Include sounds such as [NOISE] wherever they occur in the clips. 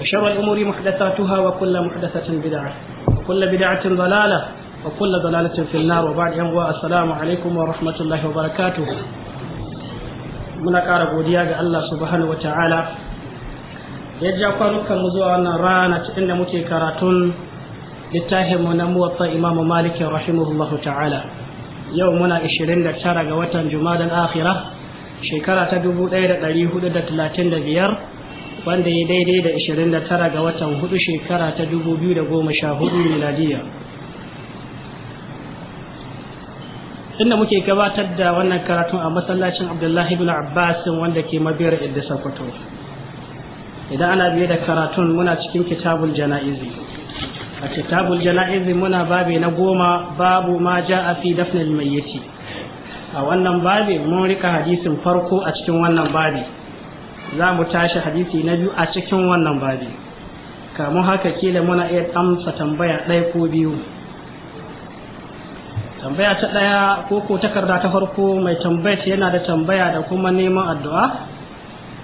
وشر الأمور محدثاتها وكل محدثة بدعة وكل بدعة ضلالة وكل ضلالة في النار وبعد أن السلام عليكم ورحمة الله وبركاته muna ƙara godiya ga Allah subhanahu wata'ala ya ja kwanukan mu zuwa wannan rana inda muke karatun littafin mu na muwatta imamu maliki rahimahullahu ta'ala yau muna tara ga watan juma'a akhira shekara ta biyar. wanda ya daidai da 29 ga watan hudu shekara ta 2014 miladiya inda muke gabatar da wannan karatun a masallacin abdullahi bin abbas wanda ke mabiyar idda sokoto idan ana biye da karatun muna cikin kitabul jana'izi a kitabul jana'izi muna babi na goma babu ma ja a fi dafnil mayyiti a wannan babi mun rika hadisin farko a cikin wannan babi za mu tashi hadisi na biyu a cikin wannan babi kamun haka kila muna iya amsa tambaya ɗaya ko biyu tambaya ta ɗaya ko ko takarda ta farko mai tambayar yana da tambaya da kuma neman addu'a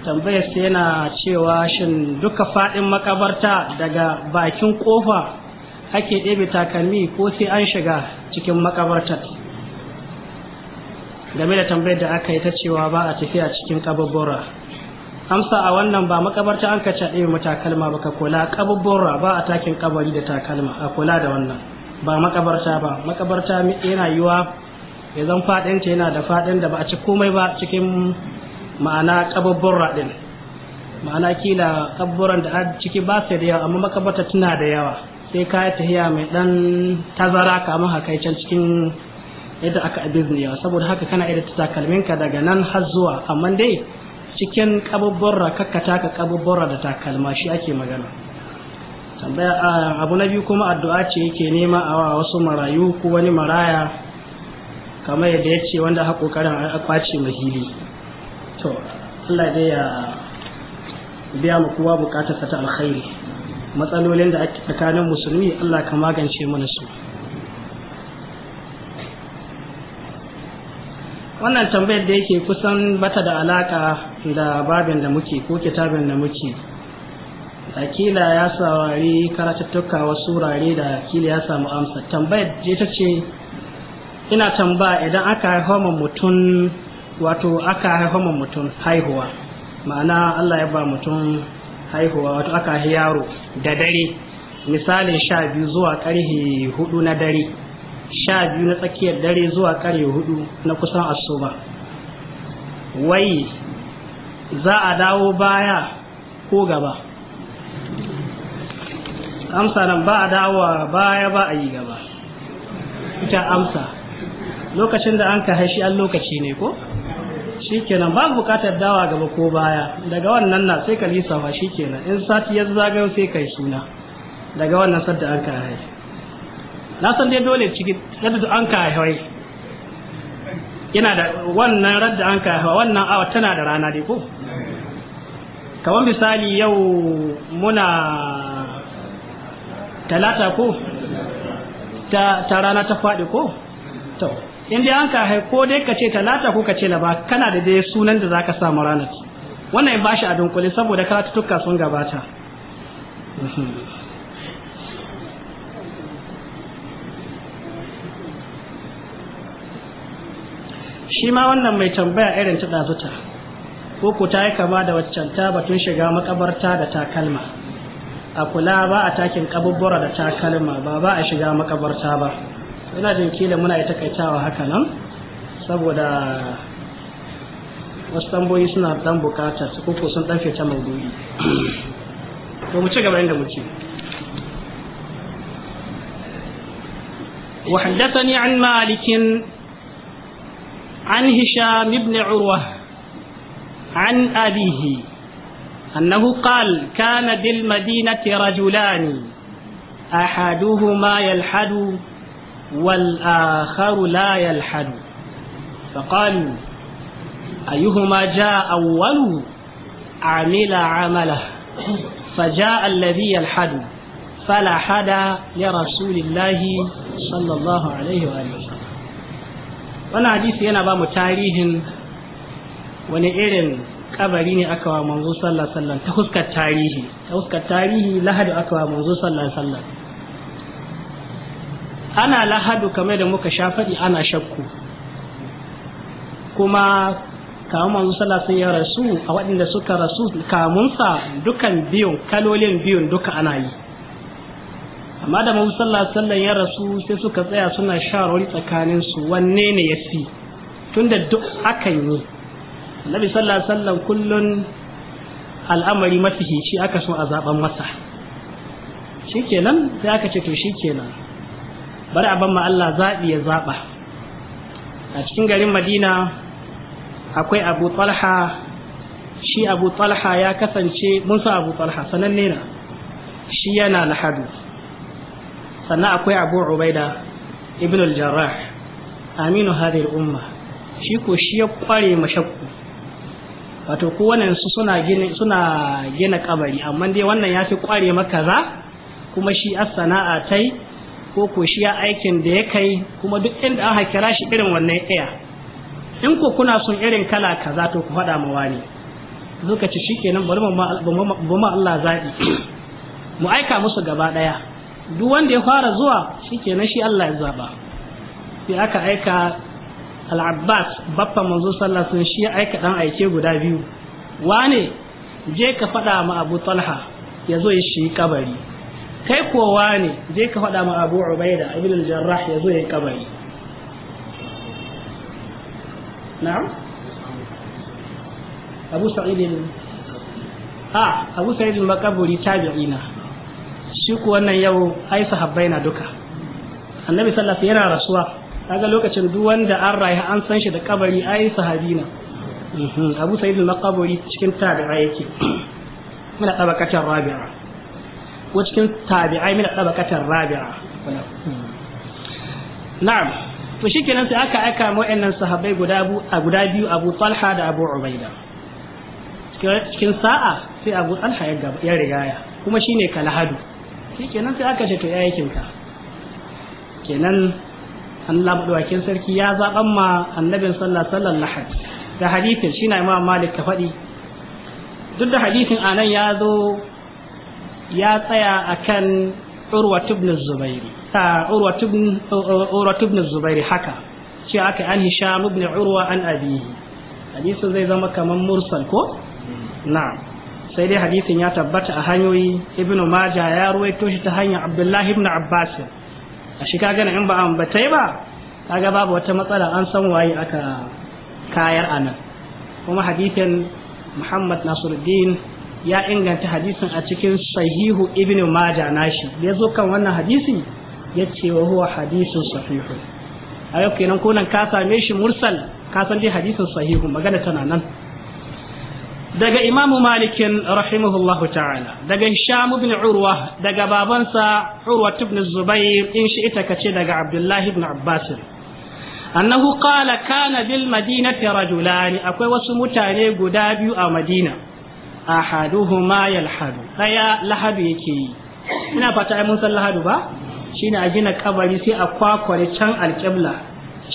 tambayar yana cewa shin duka faɗin makabarta daga bakin ƙofa ake ɗebe takalmi ko sai an shiga cikin makabartar game da tambayar da aka yi ta cewa ba a tafiya cikin ƙababura amsa a wannan ba makabarta an kace ɗaya mu takalma ba ka kula kabubburra ba a takin kabari da takalma a kula da wannan ba makabarta ba makabarta yana yiwa ya zan fadin ta yana da fadin da ba a ci komai ba cikin ma'ana ra din ma'ana kila kabburan da a ciki ba sai da yawa amma makabarta tana da yawa sai ka yi tahiya mai ɗan tazara kamar haka cikin yadda aka yawa saboda haka kana irin takalminka daga nan har zuwa amma dai cikin kabubburra kakkata ka kabubburra da takalma shi ake magana tambaya abu na biyu kuma addu'a ce yake nema a wasu marayu ko wani maraya kamar yadda ya ce wanda haƙo karin a kwace mahili to Allah dai ya biya mu kowa bukatarsa ta alkhairi matsalolin da ake tsakanin musulmi Allah ka magance mana su wannan tambayar da yake kusan bata da alaka da babin da muke ko kitabin da muke akila ya saurari karatattuka wasu wurare da akila ya samu amsa tambayar da ita ce ina tambaya idan aka haihuwa mutum wato aka haihuwa mutum haihuwa ma'ana allah ya ba mutum haihuwa wato aka yaro da dare misalin sha biyu zuwa karhe hudu na dare sha biyu na tsakiyar dare zuwa kare hudu na kusan asuba wai za a dawo baya ko gaba amsa nan ba a dawowa baya ba a yi gaba ita amsa lokacin da an ka haishi an lokaci ne ko shikenan ba bukatar dawa gaba ko baya daga wannan na sai ka lissafa shikenan in sati ya zagayo sai kai suna daga wannan sadda an ka haishi na san dai dole ciki yadda an ka hawai yana da wannan radda an ka hawa wannan awa tana da rana dai ko kamar misali yau muna talata ko ta, ta rana ta faɗi ko to in dai an ka ko dai ka ce talata ko ka ce laba kana da dai sunan da zaka samu ranar wannan ya bashi a dunkule saboda karatu tukka sun gabata shi ma wannan mai tambaya irin ta dazuta ko ku ta yi kama da waccan ta batun shiga makabarta da takalma a kula ba a takin kabubbura da takalma ba ba a shiga makabarta ba ina jin kila muna yi takaitawa haka nan saboda wasu tamboyi suna dan bukatar su kuku sun dan fita maudu'i to mu ci gaba inda muke وحدثني عن مالك عن هشام بن عروة عن أبيه أنه قال كان بالمدينة رجلان أحدهما يلحد والآخر لا يلحد فقالوا أيهما جاء أول عمل عمله فجاء الذي يلحد فلحد لرسول الله صلى الله عليه وآله وسلم wannan hadisi yana ba mu tarihin wani irin kabari ne aka wa manzo sallallahu alaihi wasallam ta huskar tarihi ta huskar tarihi lahadu aka wa manzo sallallahu alaihi wasallam ana lahadu kamar da muka sha faɗi ana shakku kuma kamun manzo sallallahu alaihi wasallam ya rasu a waɗanda suka rasu kamunsa dukan biyun kalolin biyun duka ana yi amma da mahu sallah sallan ya rasu sai suka tsaya suna shawarwari tsakanin su wanne ne ya fi tunda duk akan yi annabi sallah sallan kullun al'amari mafihici aka so a zaben masa shikenan sai aka ce to shikenan bari a ban ma Allah zaɓi ya zaɓa a cikin garin madina akwai abu talha shi abu talha ya kasance mun san abu talha sananne na shi yana lahadu sannan akwai abu ubaida ibn al-jarrah aminu hadhihi umma shi ko shi ya kware mashakku wato ko wannan su suna gina suna gina kabari amma dai wannan ya fi kware maka za kuma shi as sana'a tai ko ko shi ya aikin da ya kai kuma duk inda aka kira shi irin wannan ɗaya in ko kuna son irin kala kaza to ku faɗa ma wani lokaci shikenan bari mu ma Allah zaɓi [CLEARS THROAT] mu aika musu gaba ɗaya duk wanda ya fara zuwa shikenan shi Allah ya zaba sai aka aika al-Abbas baffa manzo sallallahu alaihi shi ya aika dan aike guda biyu wane je ka faɗa ma Abu Talha ya zo shi kabari kai kowa ne je ka faɗa ma Abu Ubaida ibn al-Jarrah ya zo kabari na'am Abu Sa'id ah Abu Sa'id al-Makaburi tabi'ina shi ku wannan yau ai sahabbai na duka annabi sallallahu alaihi yana rasuwa kaga lokacin duk wanda an rayu an san shi da kabari ai sahabi na mhm, abu sa'id al-maqburi cikin tabi'a yake muna tabakatar rabi'a ko cikin tabi'ai muna tabakatar rabi'a na'am to shikenan sai aka aika mu wayannan sahabbai guda guda biyu Abu Talha da Abu Ubaida cikin sa'a sai Abu Talha ya rigaya kuma shine kalahadu shikenan sai aka ce to ya yayi kyauta kenan Allah madawakin sarki ya zaban ma annabin sallallahu alaihi wasallam da hadithin shi na imam malik ka faɗi duk da hadithin anan ya zo ya tsaya akan urwa ibn zubairi ta urwa ibn urwa ibn zubairi haka ce aka an hisham ibn urwa an abihi hadisin zai zama kaman mursal ko hmm. na'am sai dai hadisin ya tabbata a hanyoyi ibn maja ya ruwaito shi ta hanyar abdullahi ibn abbas a shi gani in ba an batai ba kaga babu wata matsala an san waye aka kayar anan kuma hadisin muhammad nasiruddin ya inganta hadisin a cikin sahihu ibn maja nashi da yazo kan wannan hadisin ya ce wa huwa hadisin sahihu a yau kenan kunan ka same shi mursal ka san dai hadisin sahihu magana tana nan daga imamu malikin rahimahullahu ta'ala daga hisham ibn urwa daga babansa urwa ibn zubair in shi ita kace daga abdullahi ibn abbas annahu qala kana bil madinati akwai wasu mutane guda biyu a madina ahaduhuma yalhadu daya lahadu yake yi ina fata ai mun san lahadu ba shine a gina kabari sai a kwakware can alqibla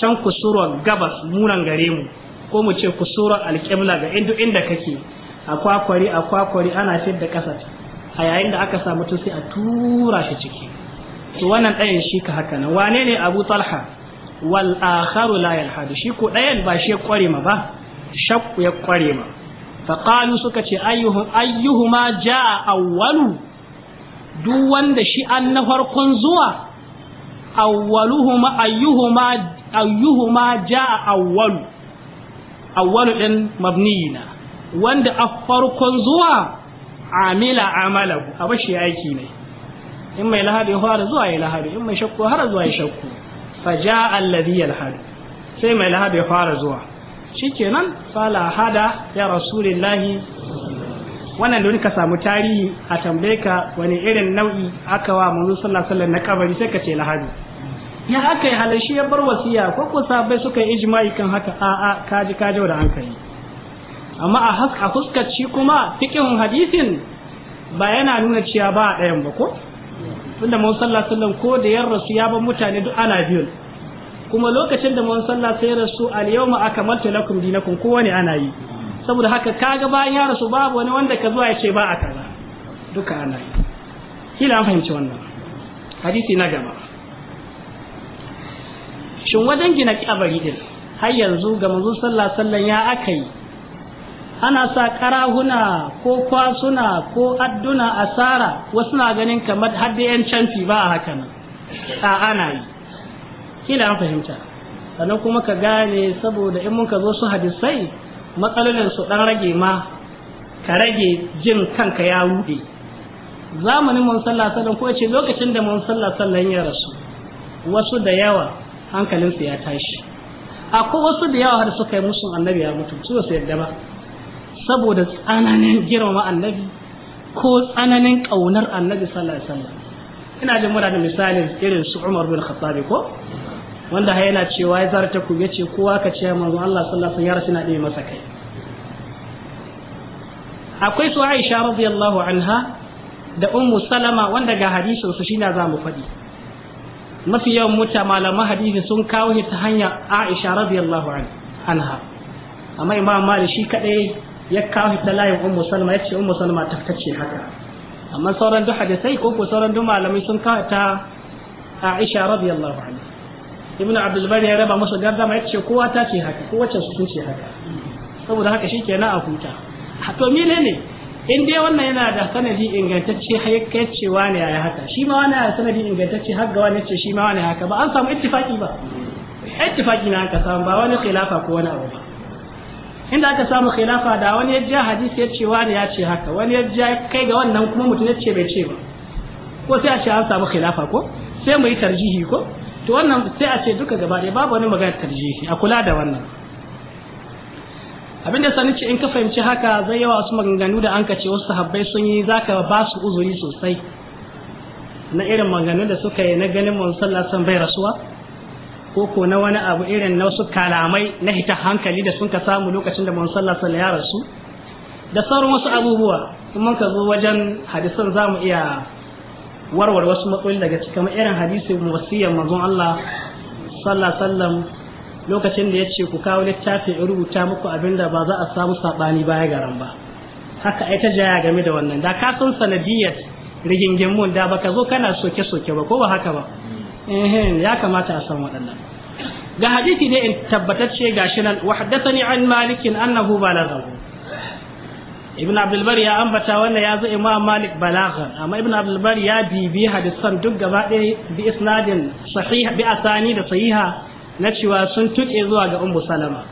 can kusurwa gabas munan gare mu ko mu ce kusurar alƙibla ga indu inda kake a kwakwari a kwakwari ana da ƙasa a yayin da aka samu mutum sai a tura shi ciki to wannan ɗayan shi ka haka nan wane ne abu talha wal akharu la yalhadu shi ko ɗayan ba shi ya kware ma ba shakku ya kware ma faƙalu suka ce ayyuhuma ja'a awwalu duk wanda shi an na farkon zuwa awwaluhuma ayyuhuma ayyuhuma ja'a awwalu awwalu din mabniyina wanda a farkon zuwa amila amalahu a bashi aiki ne in mai lahadu ya fara zuwa ya lahadu in mai shakku har zuwa ya shakku fa jaa alladhi yalhadu sai mai lahadu ya fara zuwa shikenan fala hada ya rasulillahi wannan da ka samu tarihi a tambaye ka wani irin nau'i aka wa manzo sallallahu alaihi wasallam na kabari sai ka ce lahadi. in aka yi halashi ya bar wasiya ko ko sabai suka yi ijma'i kan haka a a kaji kaji da hankali. amma a haska fuskaci kuma fikihun hadisin ba yana nuna cewa ba a ɗayan ba ko tunda mun sallah sallan ko da yar rasu ya ban mutane duk ana biyun kuma lokacin da mun sallah sai rasu al yawma akamaltu lakum dinakum wani ana yi saboda haka kaga bayan ya rasu babu wani wanda ka zuwa ya ce ba a kaza duka ana yi kila an fahimci wannan hadisi na gaba shin wajen gina kabari din har yanzu ga manzo sallah sallan ya aka yi ana sa karahuna ko kwasuna ko adduna asara wasu na ganin kamar har da yan canfi ba a haka nan a ana yi kila an fahimta sannan kuma ka gane saboda in muka zo su hadisai matsalolin su dan rage ma ka rage jin kanka ya rude zamanin mun sallah sallan ko ce lokacin da mun sallah sallan ya rasu wasu da yawa hankalinsu ya tashi akwai wasu da yawa har suka yi musun annabi ya mutu su ba su yadda ba saboda tsananin girmama annabi ko tsananin ƙaunar annabi sallallahu alaihi wasallam ina jin muna da misalin irin su Umar bin Khattab ko wanda ha yana cewa ya zarta ku yace kowa ka ce manzo Allah sallallahu alaihi wasallam ya rasu na ɗaya masa kai akwai su Aisha radiyallahu anha da Ummu Salama wanda ga hadisin su shine za mu faɗi mafi yawan muta malaman hadisi sun kawo shi ta hanyar Aisha radiyallahu anha amma Imam Malik shi kadai ya kawo shi ta layin Ummu Salma yace Ummu Salma ta tace haka amma sauran duk hadisai ko ko sauran duk malamai sun kawo ta Aisha radiyallahu anha Ibn Abdul Bari ya raba musu ma yace kowa ta ce haka ko wacce su ce haka saboda haka shikenan a huta to mene ne in dai wannan yana da sanadi ingantacce har kai cewa ne yayi haka shi ma wani yana sanadi ingantacce har ga wani ce shi ma wani haka ba an samu ittifaki ba ittifaki na aka samu ba wani khilafa ko wani abu ba inda aka samu khilafa da wani ya hadisi ya ce wani ya ce haka wani ya kai ga wannan kuma mutum ya ce bai ce ba ko sai a ce an samu khilafa ko sai mu yi tarjihi ko to wannan sai a ce duka gaba ɗaya babu wani magana tarjihi a kula da wannan abinda sani ce in ka fahimci haka zai yawa su maganganu da an ce wasu sahabbai sun yi zaka ba su uzuri sosai na irin maganganu da suka yi na ganin mun sallah bai rasuwa ko ko na wani abu irin na wasu kalamai na hita hankali da sun ka samu lokacin da mun sallah ya rasu da sauran wasu abubuwa kuma ka zo wajen hadisan za mu iya warware wasu matsaloli daga cikin irin hadisi wasiyyar manzon Allah sallallahu lokacin da ya ce ku kawo littafin in rubuta muku abin da ba za a samu saɓani baya garan ba haka ai ta jaya game da wannan da ka san sanadiyar mun da baka zo kana soke-soke ba ko ba haka ba ya kamata a san waɗannan ga hadisi ne in tabbatacce gashi nan wa haddathani an malikin annahu balaghahu ibn abdul bar ya ambata wannan ya zo imam malik balaghan amma ibn abdul bar ya bibi hadisan duk gaba ɗaya bi isnadin sahiha bi asani da sahiha na cewa sun tuke zuwa ga ummu salama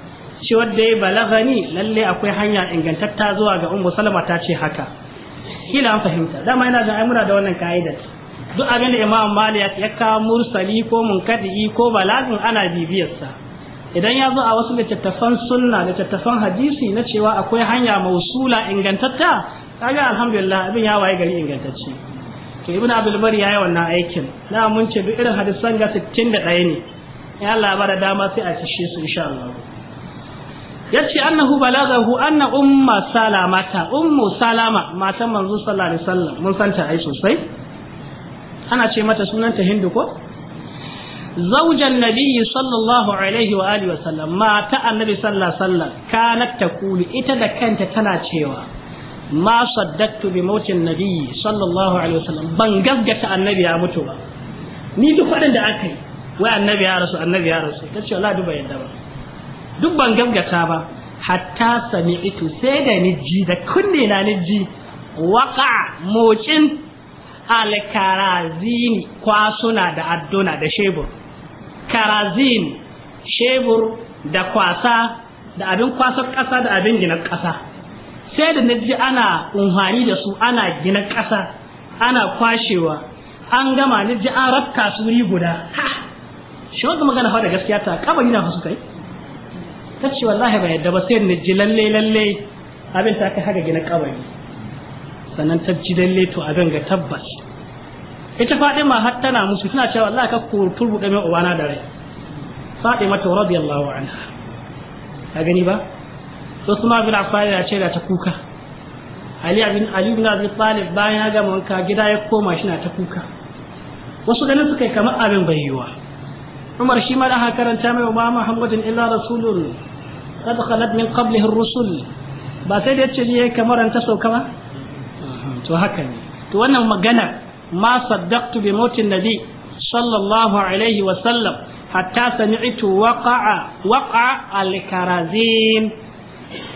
shi wadda ya balagani lalle akwai hanya ingantatta zuwa ga ummu salama ta ce haka kila an fahimta dama yana da muna da wannan ka'idar duk abin da imam malik ya kawo mursali ko munkadi ko balagin ana bibiyarsa idan ya zo a wasu littattafan sunna littattafan hadisi na cewa akwai hanya mausula ingantatta kaga alhamdulillah abin ya waye gari ingantacce to ibnu abdul bari yayi wannan aikin na mun ce duk irin hadisan ga 61 ne ya Allah bada dama sai a cishe su insha Allah yace annahu balagahu anna umma salama ta, ummu salama matan manzo sallallahu alaihi wasallam mun santa ai sosai ana ce mata sunanta hindu ko zaujan nabiyyi sallallahu alaihi wa alihi wasallam mata annabi sallallahu alaihi wasallam kanat taqulu ita da kanta tana cewa ma saddaqtu bi mautin nabiyyi sallallahu alaihi wasallam ban gaggata annabi ya mutu ba ni duk fadin da aka yi wai annabi ya rasu annabi ya rasu ta ce Allah duba yadda ba duk ban gaggata ba hatta sami'tu sai da ni ji da kunne na ni ji waqa mocin alkarazini kwasuna da adduna da shebur karazin shebur da kwasa da abin kwasar ƙasa da abin gina kasa sai da naji ana unhani da su ana gina ƙasa ana kwashewa an gama naji an rafka su guda ha shi wanda magana fa gaskiya ta kabari na fa suka yi ta ce wallahi ba yadda ba sai ni ji lalle lalle abin ta kai haka gina kabari sannan ta ji lalle to abin ga tabbas ita Fatima har tana musu tana cewa wallahi ka ku turbuɗe mai uwana da rai Fatima ta radiyallahu anha ka gani ba to kuma bin Affan ya ce da ta kuka Ali bin Ali bin Abi Talib bayan ya gama wanka gida ya koma shi na ta kuka wasu ganin suka yi kamar abin bai yiwa umar shi ma da aka karanta mai ma muhammadin illa rasulun qad khalat min qablihi ar-rusul ba sai da yace ne kamar an ta sauka ba to haka ne to wannan magana ma saddaqtu bi mautin nabi sallallahu alaihi wa sallam hatta sami'tu waqa'a waqa al-karazim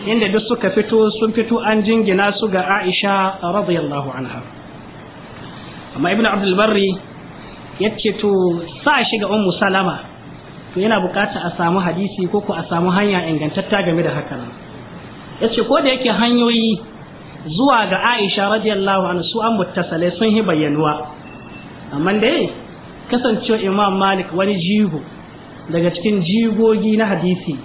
inda duk suka fito sun fito an jingina su ga Aisha radiyallahu anha amma ibnu abdul barri yace to sa shi ga ummu salama to yana bukata a samu hadisi ko ku a samu hanya ingantatta game da haka nan yace ko da yake hanyoyi zuwa ga Aisha radiyallahu anhu su an muttasalai sun hi bayyanuwa amma dai kasancewa Imam Malik wani jigo daga cikin jigogi na hadisi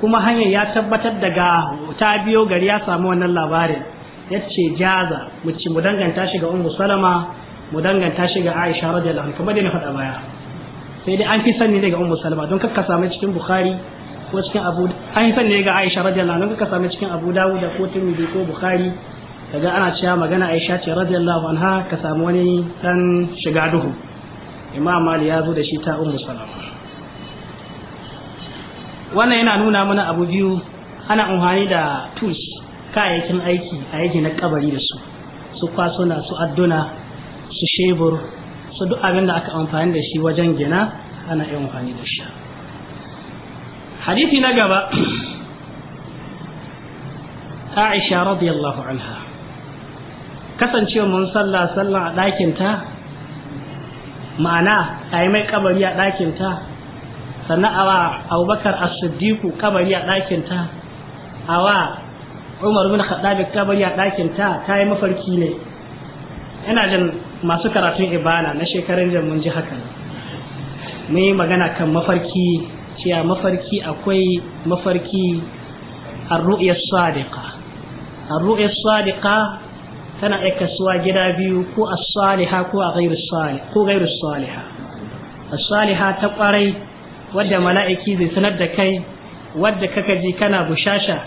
kuma hanyar ya tabbatar daga ta biyo gari ya samu wannan labarin ya ce jaza mu mu danganta shi ga ummu salama mu danganta shi ga Aisha radiyallahu anha kamar da na faɗa baya sai dai an fi sani ne ga Ummu Salma don kakka samu cikin Bukhari ko cikin Abu an fi sani ne ga Aisha radiyallahu anha kakka samu cikin Abu Dawud ko Tirmidhi ko Bukhari kaga ana cewa magana Aisha ce radiyallahu anha ka samu wani dan shiga duhu Imam Ali ya zo da shi ta Ummu Salma wannan yana nuna mana abu biyu ana amfani da tools kayayyakin aiki a yake na kabari da su su na su adduna su shebur su duk abin da aka amfani da shi wajen gina ana yin amfani da shi Hadithi na gaba Aisha radiyallahu anha kasancewa mun sallah sallah a ɗakinta ma'ana a yi mai kabari a ɗakinta sannan a wa abubakar as-siddiqu kabari a ɗakinta a wa umar bin khattabi kabari a ɗakinta ta yi mafarki ne ina jin masu karatun ibana na shekarun jan mun ji haka mun yi magana kan mafarki cewa mafarki akwai mafarki arru'ya sadiqa arru'ya sadiqa tana iya kasuwa gida biyu ko a saliha ko a saliha A saliha ta kwarai wadda mala'iki zai sanar da kai wadda kaka ji kana bushasha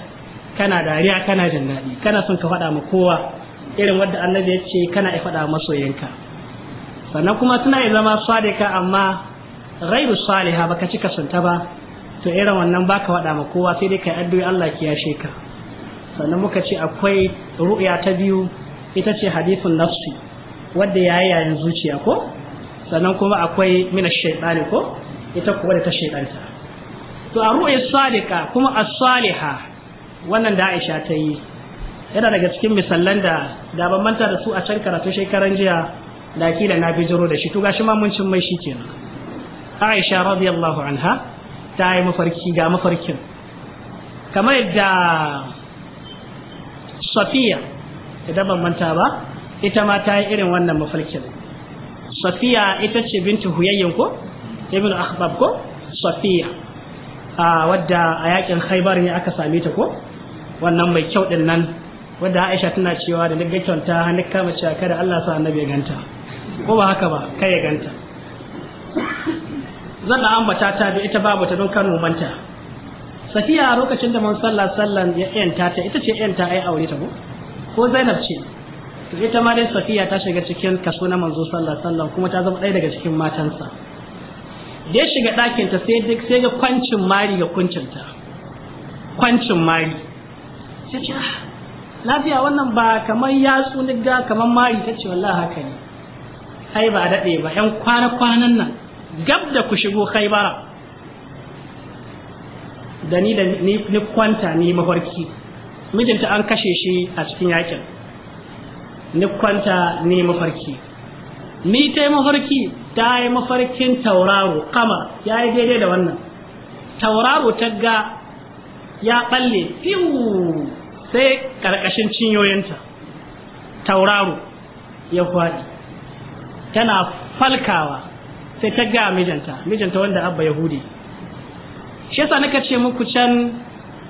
kana dariya kana jin daɗi kana son ka faɗa ma kowa irin wadda annabi ya ce kana ya faɗa masoyinka sannan kuma suna ya zama sadika amma ghairu saliha ka cika santa ba to irin wannan baka waɗa ma kowa sai dai kai addu'i Allah ki yashe ka sannan muka ce akwai ru'ya ta biyu ita ce hadithun nafsi wadda yayi yayin zuciya ko sannan kuma akwai mina shaytani ko ita kuwa da ta shaytanta to a ru'ya salika kuma as-saliha wannan da Aisha ta yi yana daga cikin misallan da da ban manta da su a can karatu shekaran jiya da da na jiro da shi to gashi ma mun cin mai shi kenan Aisha radiyallahu anha ta yi mafarki ga mafarkin kamar yadda Safiya idan ban manta ba ita ma ta yi irin wannan mafarkin Safiya ita ce bintu Huyayyin ko Ibn Akhbab ko Safiya a wadda a yakin Khaibar ne aka same ta ko wannan mai kyau din nan wadda aisha tana cewa da daga kyauta hannun kama cewa kada allah sa annabi ya ganta ko ba haka ba kai ya ganta zan ambata ta bi ita babu ta don kano manta safiya a lokacin da man sallah sallan ya yanta ta ita ce yanta ai aure ta ko ko zainab ce to ita ma dai safiya ta shiga cikin kaso na manzo sallah sallan kuma ta zama ɗaya daga cikin matansa da ya shiga ɗakinta sai sai ga kwancin mari ga kuncinta kwancin mari sai ce ah, lafiya wannan ba kamar yatsu nigga kamar mari ta ce wallahi haka ne ai ba daɗe ba yan kwana-kwanan nan gab da ku shigo kai da ni da ni kwanta ni mafarki mijinta an kashe shi a cikin yakin ni kwanta ni mafarki ni ta mafarki ta yi mafarkin tauraro kama ya yi daidai da wannan tauraro ta ga ya ɓalle fiwu sai karkashin cinyoyinta tauraro ya faɗi tana falkawa sai ta ga mijinta mijinta wanda abba yahudi shi yasa naka ce muku can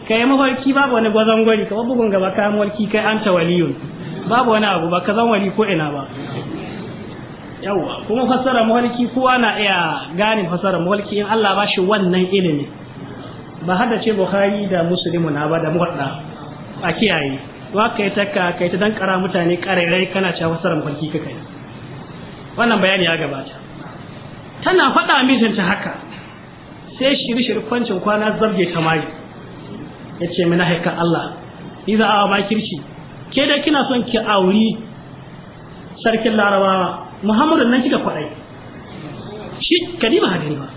ka yi mafarki babu wani gwazon gwari kamar bugun gaba ka mafarki kai an waliyun babu wani abu ba ka zan wali ko ina ba yawwa kuma fassara mafarki kowa na iya gane fassara mafarki in Allah ba shi wannan ilimi ba hada ce Bukhari da Muslimu na ba da muwadda a kiyaye wa yi ta ka yi ta dan kara mutane karairai kana cewa fasara mafarki ka kai wannan bayani ya gabata tana faɗa mijinta haka sai shiri shiri kwancin kwana zabge ta mai ya ce mina haika Allah yi za a kirci ke da kina son ki auri sarkin larabawa muhammadu nan kika kwaɗai shi kalima hadari ba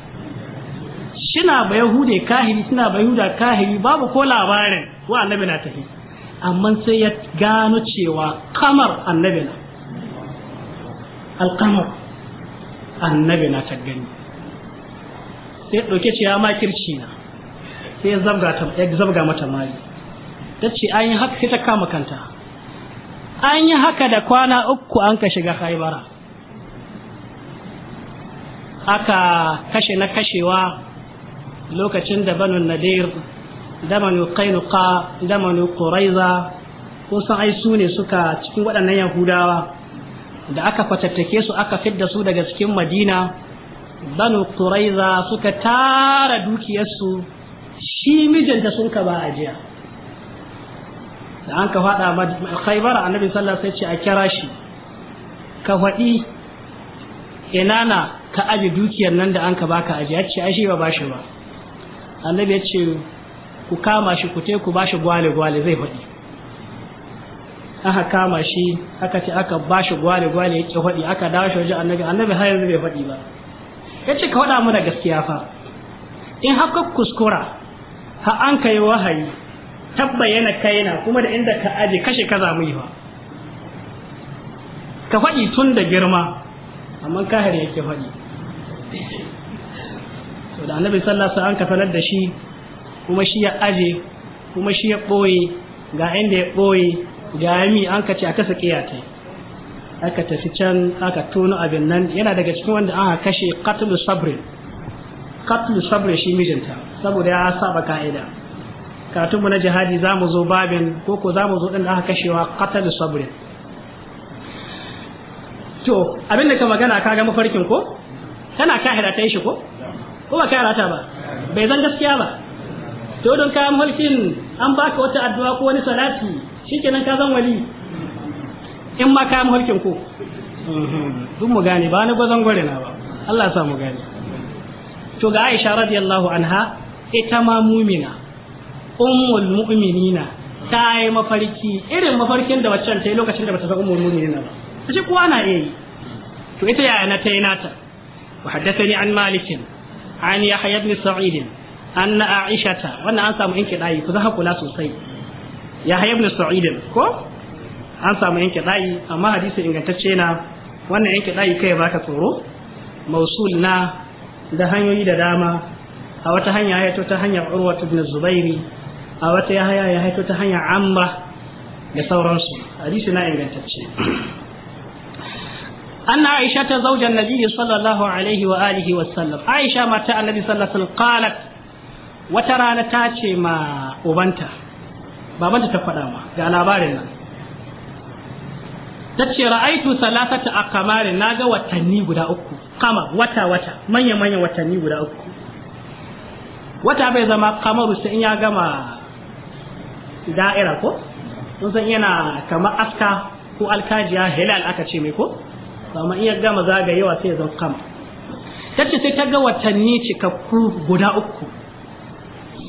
shina ba yahude kahiri suna ba yahuda kahiri babu ko labarin wa annabi na tafi amma sai ya gano cewa kamar annabi na alkamar annabi na ta gani sai ɗauke ce ya makirci na sai ya zabga mata mari ta ce an yi haka sai ta kama kanta an yi haka da kwana uku an ka shiga haibara aka kashe na kashewa lokacin da banu nadir da Kainuka, qainuqa quraiza ko san ai su ne suka cikin waɗannan yahudawa da aka fatattake su aka fidda su daga cikin madina banu quraiza suka tara dukiyarsu shi mijinta sun ka ba ajiya da an ka faɗa khaibar annabi sallallahu alaihi wasallam sai ce a kira shi ka faɗi inana ka aje dukiyar nan da an ka baka ajiya ce ai shi ba bashi ba annabi ya ce ku kama shi ku te ku bashi gwale gwale zai faɗi aka kama shi aka ce aka bashi gwale gwale yake faɗi aka dawo shi wajen annabi annabi har yanzu bai faɗi ba yace ka faɗa mana gaskiya fa in haka kuskura ha an kai wahayi tabbayana kaina kuma da inda ka aje kashe ka mu yi fa ka faɗi tun da girma amma ka kahir yake faɗi [LAUGHS] to da annabi sallallahu alaihi wasallam ka sanar da shi kuma shi ya aje kuma shi ya ɓoye ga inda ya ɓoye ga yami an ka ce a kasa ƙiyata aka tafi can aka tono abin nan yana daga cikin wanda aka kashe katulu sabrin katulu sabrin shi mijinta saboda ya saba ka'ida katunmu na jihadi za mu zo babin ko ko za mu zo ɗin da aka kashewa katulu sabrin to abin da ka magana ka ga mafarkin ko kana kahira ta yi shi ko ko ba kahira ta ba bai zan gaskiya ba to don kayan mulkin an baka wata addu'a ko wani salati shikenan ka zan wali in ma kayan mulkin ko duk mu gane ba ni gwazon gware na ba Allah sa mu gane to ga Aisha radiyallahu anha ita ma mumina ummul mu'minina ta yi mafarki irin mafarkin da waccan ta yi lokacin da bata san ummul mu'minina ba tace kowa na iya yi to ita yaya na ta yi nata وحدثني an malikin. An يحيى بن سعيد anna aishata wannan an samu yanke dai ku za kula sosai ya hayy ibn sa'id ko an samu yanke dai amma hadisi ingantacce na wannan yanke dai kai baka tsoro mausul na da hanyoyi da dama a wata hanya ya ta hanyar urwa ibn zubairi a wata ya haya ya haito ta hanyar amra da sauransu hadisi na ingantacce أن عائشة زوج النبي صلى الله عليه وآله وسلم عائشة متى النبي صلى الله عليه وسلم قالت wata rana ta ce ma ubanta babanta ta faɗa ma ga labarin nan ta ce ra'aitu salasata a kamari na ga watanni guda uku kama wata wata manya manya watanni guda uku wata bai zama kamaru sai in ya gama da'ira ko sun san yana kamar aska ko alkajiya hilal aka ce mai ko kama in ya gama zagayewa sai ya zama kama ta ce sai ta ga watanni cikakku guda uku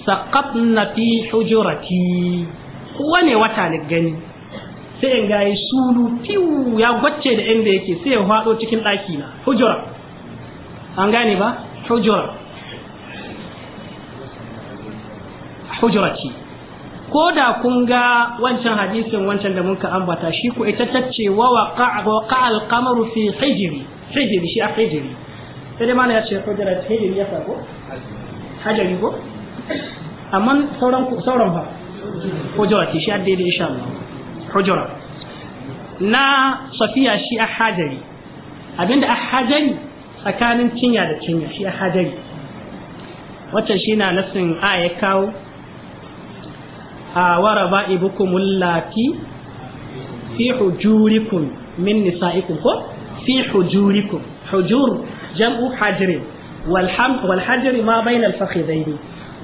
saqatna fi hujurati ne wata ni gani sai in ga sulu tiwu, ya gwace da inda yake sai ya haɗo cikin ɗaki na hujura an gane ba hujura hujurati ko da kun ga wancan hadisin wancan da muka ambata shi ko ita ce wa wa al kamaru fi hijiri hijiri shi a hijiri sai dai mana ya ce hujurati hijri ya fago hajjari ko amma sauran fa? hujura ce shi addai da insha Allah hujura na safiya shi a hajari abinda a hajari tsakanin cinya da cinya shi a hajari waccan shi na nasin a ya kawo a wara ba ibukumul lati fi hujurikun. min nisa'ikum ko fi hujurikun. hujur jam'u hajrin والحجر ما بين الفخذين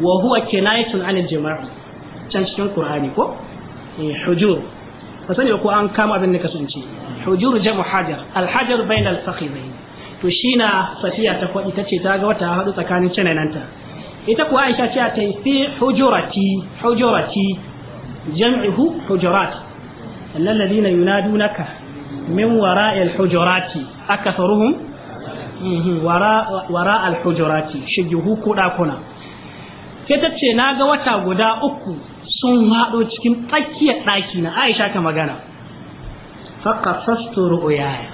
وهو كناية عن الجماعة تنشي القرآن كو إيه، حجور فسن القرآن كما بن كسنشي حجور جمع حجر الحجر بين الفخذين تشينا صفية تقوى إتتشي تاغوتا هذا تكاني تشنين أنت إتقوى عائشة تأتي في حجرتي حجرتي جمعه حجرات أن الذين ينادونك من وراء الحجرات أكثرهم إيه، وراء وراء الحجرات شجهو كنا كنا sai ta ce na ga wata guda uku sun haɗo cikin tsakiyar ɗaki na aisha ta magana faƙa sasto ru'uyaya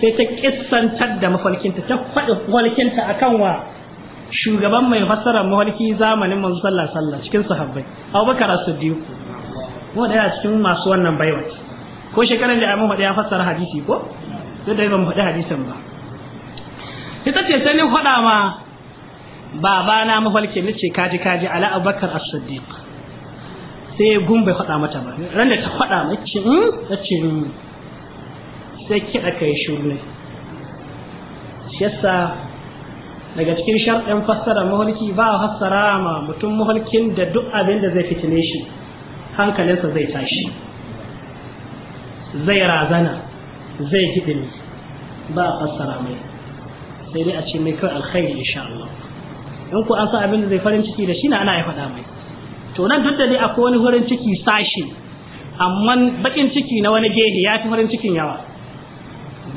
sai ta kissantar da mafalkinta ta faɗi a kan wa shugaban mai fassara mafarki zamanin manzo sallah alaihi wasallam cikin sahabbai abubakar as-siddiq wanda ya cikin masu wannan baiwa ko shekaran da amma ya fassara hadisi ko sai da ban faɗi hadisin ba ita ce sai ni faɗa ma babana mafarki ne ce kaji kaji ala abubakar as-siddiq sai gun bai faɗa mata ba ran da ta faɗa mace in hmm? tace sai kiɗa yi shuru shi yasa daga cikin sharɗin fassara mahalki ba a fassara ma mutum mahalkin da duk abin da zai fitine shi hankalinsa zai tashi zai razana zai gidini ba a fassara mai sai dai a ce mai kawai alkhairi insha Allah in ku an san abin da zai farin ciki da shi ana ya faɗa mai to nan duk da dai akwai wani farin ciki sashi amma bakin ciki na wani gehe ya fi farin cikin yawa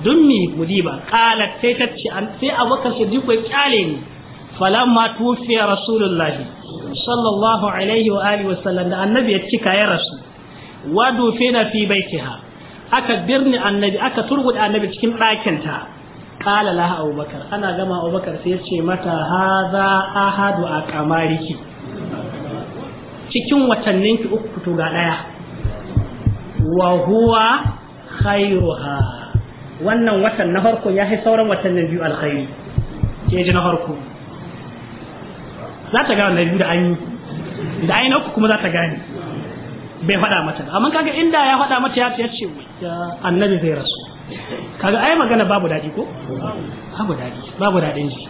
dummi mudiba qalat sai ta ce an sai abubakar ne. ya kyale ni falamma tufiya rasulullahi sallallahu alaihi wa alihi wasallam da annabi ya cika ya rasu wa dufina fi baitiha aka birni annabi aka turguda annabi cikin ɗakinta kala laha bakar ana gama bakar sai ce mata hadha ahadu kamariki cikin watannin ki uku to ga daya wa huwa khairuha wannan watan na farko ya fi sauran watannin biyu alkhairi ke ji na farko za ta gane na biyu da an yi da an yi na uku kuma za ta gane bai faɗa mata amma kaga inda ya faɗa mata ya ce ya ce annabi zai rasu kaga ai magana babu daɗi ko babu daɗi babu daɗin ji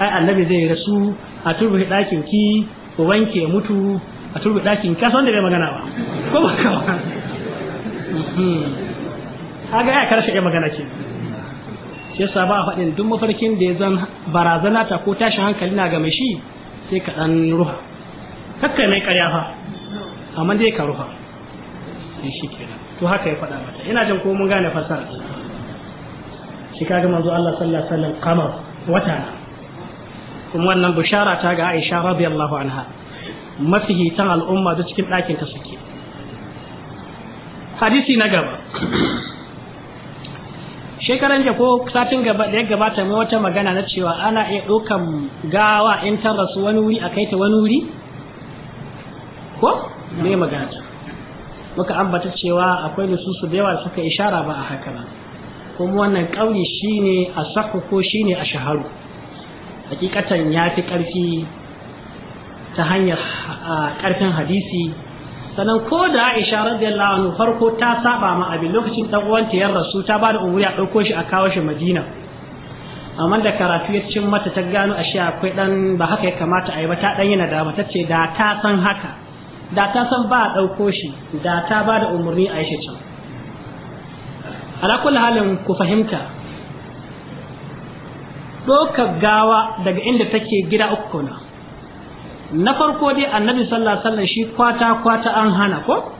ai annabi zai rasu a turbe ɗakin ki ko wanke mutu a turbe ɗakin ka san da bai magana ba ko ba ka hmm. kaga ai karshe ya magana ce shi yasa ba a faɗin duk mafarkin da ya zan barazana ta ko tashin hankali na ga mai shi sai ka ɗan ruha kakka mai ƙarya fa amma dai ka ruha shi kenan to haka ya faɗa mata ina jin ko mun gane fasara shi kaga manzo Allah sallallahu alaihi wasallam qamar wata kuma wannan bushara ta ga Aisha radiyallahu anha mafihitan al'umma da cikin ɗakin ta suke hadisi na gaba shekaran da ko satin gaba da ya gabata mai wata magana na cewa ana iya ɗaukan gawa in ta rasu wani wuri a kai ta wani wuri ko ne magana ta muka ambata cewa akwai su da yawa suka ishara ba a haka ba kuma wannan shi shine a saku ko shine a shaharu hakikatan ya fi ƙarfi ta hanyar ƙarfin hadisi sannan ko da aisha radiyallahu anhu farko ta saba ma abin lokacin dan uwanta ya rasu ta ba da umuri a ɗauko shi a kawo shi madina amma da karatu ya cin mata ta gano ashe akwai dan ba haka ya kamata a yi ba ta dan yana da mata ce da ta san haka da ta san ba a ɗauko shi da ta ba da umarni a can ala kulli halin ku fahimta doka gawa daga inda take gida uku na na farko dai annabi sallallahu alaihi wasallam shi kwata kwata an hana ko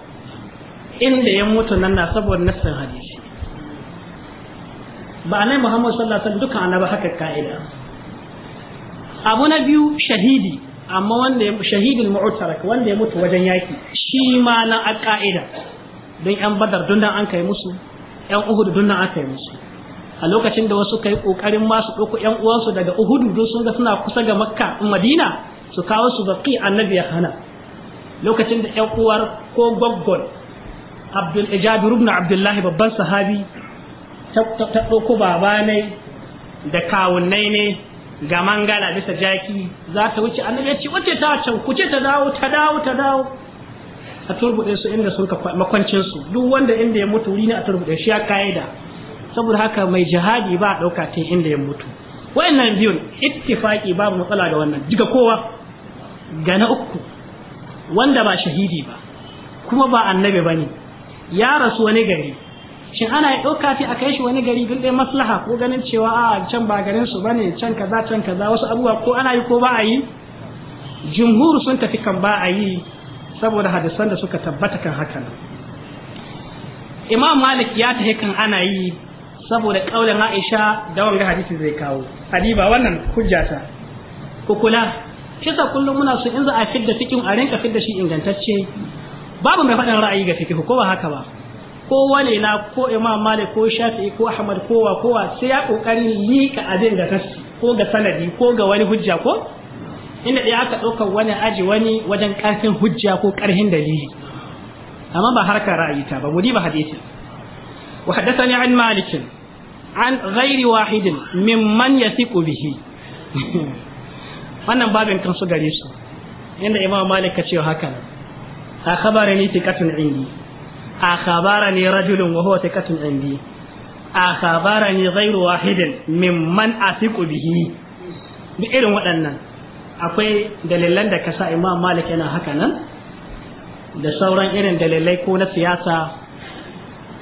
inda ya mutu nan na saboda nassin hadisi ba annabi Muhammad sallallahu alaihi wasallam dukan annabi haka ka'ida abu na biyu shahidi amma wanda ya shahidi mu'tarak wanda ya mutu wajen yaki shi ma na a ka'ida don yan badar don dan an kai musu yan uhudu dun nan aka yi musu a lokacin da wasu kai kokarin ma su ɗauko yan uwansu daga uhudu don sun ga suna kusa ga makka madina su kawo su baki annabi ya hana lokacin da yan uwar ko goggon abdul ijabir ibn abdullahi babban sahabi ta ɗauko babanai da kawunnai ne ga mangala bisa jaki za ta wuce annabi ya ce wace ta can kuce ta dawo ta dawo ta dawo a turbuɗe su inda sun kafa makwancin su duk wanda inda ya mutu wuri ne a turbuɗe shi ya ka'ida saboda haka mai jihadi ba a ɗauka inda ya mutu wayannan biyun ittifaki babu matsala ga wannan diga kowa ga na uku wanda ba shahidi ba kuma ba annabi ba ne ya rasu wani gari shin ana ya ɗauka ta a kai shi wani gari duk maslaha ko ganin cewa a ah, can ba garin su ne can kaza can kaza wasu abubuwa ko ana yi ko ba a yi jumhur sun tafi kan ba a yi saboda hadisan da suka tabbata kan hakan imam malik ya tahi kan ana yi saboda kaulin aisha da wanga hadisi zai kawo ba wannan hujjata kukula kisa kullum muna so in za a fidda fikin a rinka fidda shi ingantacce babu mai faɗin ra'ayi ga fikihu ko ba haka ba ko wane na ko imam malik ko shafi'i ko ahmad kowa kowa sai ya kokarin liƙa abin ga ko ga sanadi ko ga wani hujja ko inda ɗaya aka ɗaukar wani aji wani wajen ƙarfin hujja ko ƙarfin dalili amma ba harkar ra'ayi ta ba mu diba hadisi wa haddathani an malik an ghairi wahidin mimman yathiqu bihi wannan babin kan su gare su inda imam malik ka ce haka a khabarani thiqatun indi a khabarani rajulun wa huwa thiqatun indi a khabarani ghairu wahidin mimman athiqu bihi bi irin waɗannan akwai dalilan da kasa imam malik yana haka nan da sauran irin dalilai ko na siyasa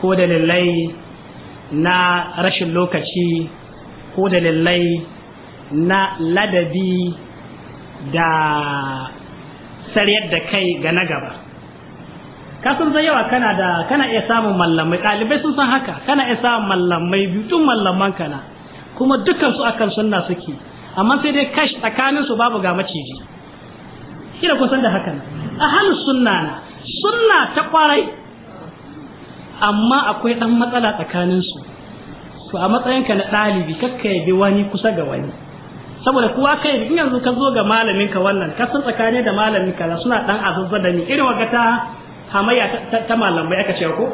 ko dalilai na rashin lokaci ko dalilai na ladabi da sariyar da kai ga na gaba kasan zai yawa kana da kana iya samun mallamai ɗalibai sun san haka kana iya samun mallamai biyu tun mallaman kana kuma dukansu akan sunna suke amma sai dai kash tsakanin su babu ga maciji kila kusan da hakan ahal sunna na sunna ta kwarai amma akwai dan matsala tsakanin su to a ka na ɗalibi kakka yabi wani kusa ga wani saboda kuwa kai in yanzu ka zo ga malamin ka wannan ka san tsakani da malamin ka suna dan azuzza da ni irin waka ta hamayya ta malamai aka cewa ko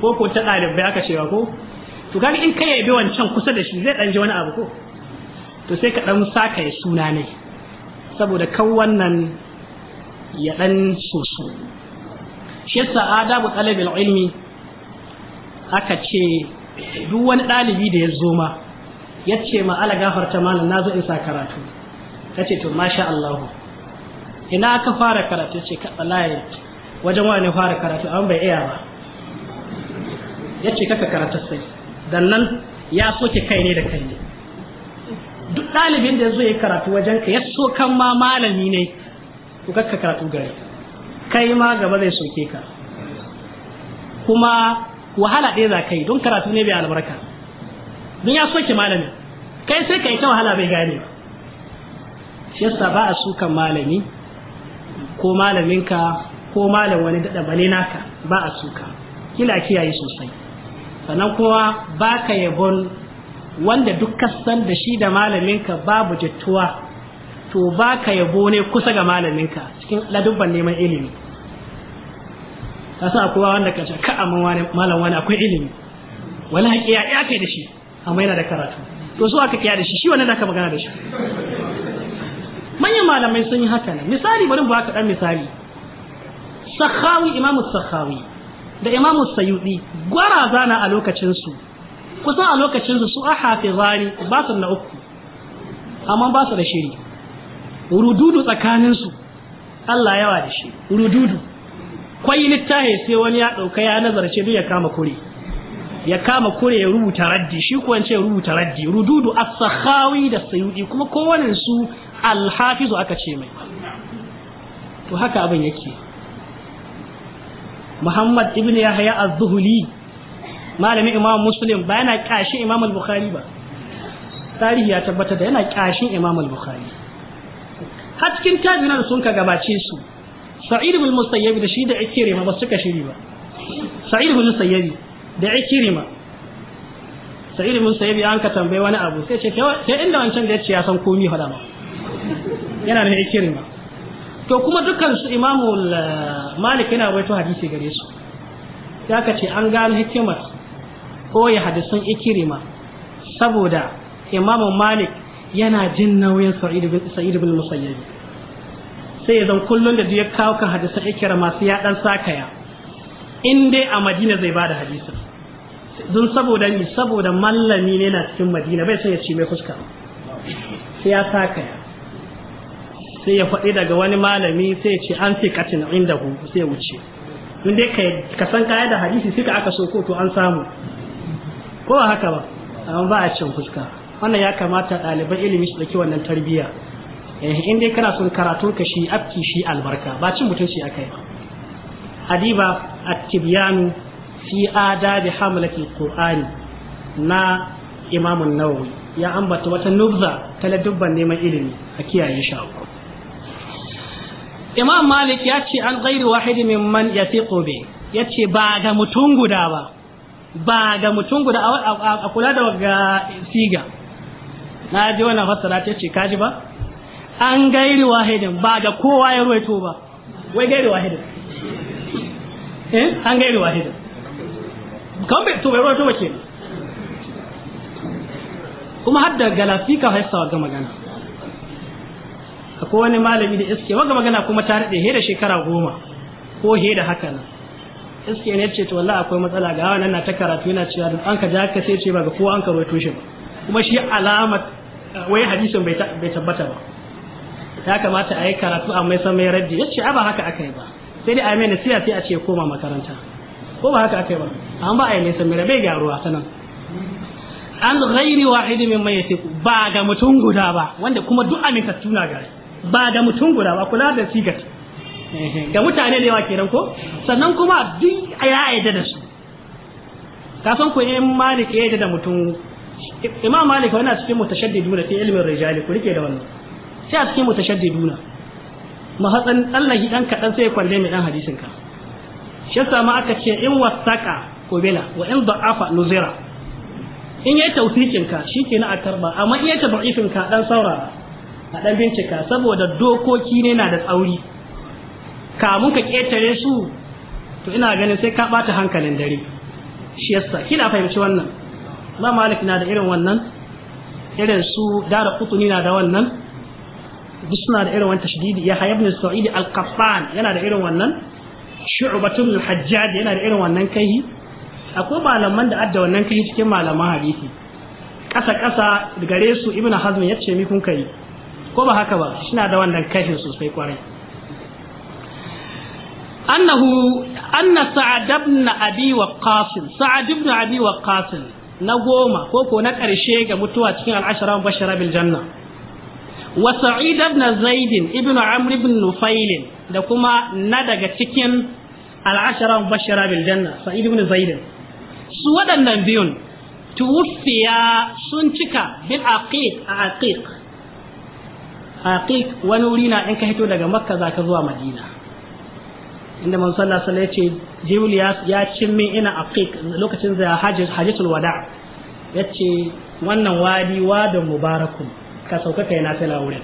ko ko ta ɗalibai aka cewa ko to kaga in kai yabi wancan kusa da shi zai dan ji wani abu ko to sai ka ɗan saka suna ne saboda kan wannan ya ɗan soso shi yasa adabu talabil ilmi aka ce duk wani ɗalibi da ya zo ma ya ce ma ala gafarta malam na zo in sa karatu ka ce to masha Allah ina aka fara karatu ce ka wallahi wajen wani fara karatu an bai iya ba ya ce kaka karatu sai dan nan ya soke kai ne da kai ne duk ɗalibin da ya zo ya karatu wajen ka ya so kan ma malami ne ku kakka karatu gare kai ma gaba zai soke ka kuma wahala ɗaya za ka yi don karatu ne bai albarka don ya soke malami kai sai ka yi ta wahala bai gane shi yasa ba a sukan malami ko malaminka ko malam wani daɗa bane naka ba a suka kila kiyaye sosai sannan kuma ba ka yabon wanda duk kasan da shi da malaminka babu jittuwa to ba ka yabo ne kusa ga malaminka cikin ladubban neman ilimi kasa kowa wanda ka ce ka amma wani malam wani akwai ilimi wani haƙiya ya kai da shi amma yana da karatu to su aka kiya da shi shi wannan da ka magana da shi manyan malamai sun yi haka ne misali bari ba ka dan misali sakhawi imamu sakhawi da imamu sayyidi gwara zana a lokacin su kusan a lokacin su a hafizani ba su na uku amma ba su da shiri rududu tsakaninsu su Allah yawa da shi rududu kwai littahi sai wani ya dauka ya nazarce duk ya kama kure ya kama kure ya rubuta raddi shi ko ce rubuta raddi rududu as-sakhawi da sayudi kuma kowannen su al aka ce mai to haka abin yake Muhammad ibn Yahya az-Zuhli malami imam muslim ba yana kashin imam al-bukhari ba tarihi ya tabbata da yana kashin imam al-bukhari har cikin tabi'in sun ka gabace su sa'id ibn musayyib da shi da ikrima ba suka shiri ba sa'id ibn musayyib da ikrima sa'id ibn musayyib an ka tambaye wani abu sai ce sai inda wancan da ya ce ya san komai hada ma yana da ikrima to kuma dukkan su imamul eh, malik yana waito hadisi gare su ya ka ce an gano hikimar Koya hadisun ikirima saboda imamu malik yana jin nauyin sa'id bin musayyib sai ya zan kullun da ya kawo kan hadisin ikirima sai ya dan sakaya in dai a madina zai bada hadisin don saboda ni saboda mallami ne na cikin madina bai san ya ci mai fuska sai ya sakaya sai ya faɗi daga wani malami sai ya ce an fi katin inda hu sai ya wuce in dai ka san kaya da hadisi suka aka so ko to an samu ko ba haka ba amma ba a cin fuska wannan ya kamata ɗaliban ilimi su ɗauki wannan tarbiyya eh, in dai kana son karatun ka shi afki shi albarka ba cin mutunci akai ba adiba at-tibyanu fi adabi hamlatil qur'ani na imamun nawawi ya ambata wata nubza ta ladubban neman ilimi a kiyaye shi imam malik ya ce an ghairi wahidi mimman yathiqu bi yace ba ga mutum guda ba ba ga mutum guda a kula da ga siga na ji wannan fassara ta ce kaji ba an gairi wahidin ba ga kowa ya ruwaito ba wai gairi wahidin eh an gairi wahidin kan bai to bai ruwaito ba ke? kuma har da galafika haisa ga magana akwai wani malami da iske waga magana kuma ta daɗe he da shekara goma ko he da haka nan iske ne ce to wallahi akwai matsala ga wannan na ta karatu yana cewa dan an ka ja ka sai ce ba ga kowa an karo tushe ba kuma shi alama uh, wai hadisin bai tabbata ba ya kamata a yi karatu a mai san mai raddi yace a ba haka aka yi ba sai dai a mai nasiha sai a ce koma makaranta ko ba haka aka yi ba an ba a yi mai san mai rabe gyaruwa ta nan an ghairi wahidi min mai yasiku ba ga mutum guda ba wanda kuma duk amintattu na gari ba ga mutum guda ba kula da sigar ga mutane da yawa kenan ko sannan kuma duk ya yarda da su ka san ku yin malik ya yarda da mutum imam malik wannan cikin mutashaddiduna fi ilimin rijali ku rike da wannan sai a cikin mutashaddiduna mahatsan tsallahi dan kadan sai kwalle mai dan hadisin ka shi yasa ma aka ce in wasaka kubila wa in da'afa nuzira in yayi tausikin ka shi ke a karba amma in yayi tawfiqin ka dan saura, a dan bincika saboda dokoki ne na da tsauri kamun ka ƙetare su to ina ganin sai ka bata hankalin dare shi yasa kina fahimci wannan ba malik na da irin wannan irin su dara kutuni na da wannan duk suna da irin wannan tashdidi ya hayab ibn sa'id al-qattan yana da irin wannan shu'batun al hajjaj yana da irin wannan kai akwai malaman da adda wannan kai cikin malaman hadisi kasa kasa gare su ibn hazm yace mi kun kai ko ba haka ba shi na da wannan kashin sosai kwarai annahu anna sa'ad ibn abi waqqas na goma ko ko na karshe ga mutuwa cikin al'ashara mubashara bil janna wa sa'id ibn zaid ibn amr ibn nufail da kuma na daga cikin al'ashara mubashara bil janna sa'id ibn su waɗannan biyun tuwfiya sun cika bil aqiq wani wuri na in ka hito daga makka zaka zuwa madina inda man sallah sallah yace jibril ya cin min ina aqiq lokacin da hajj hajjatul wada yace wannan wadi wadan mubarakun ka sauka kai sala wurin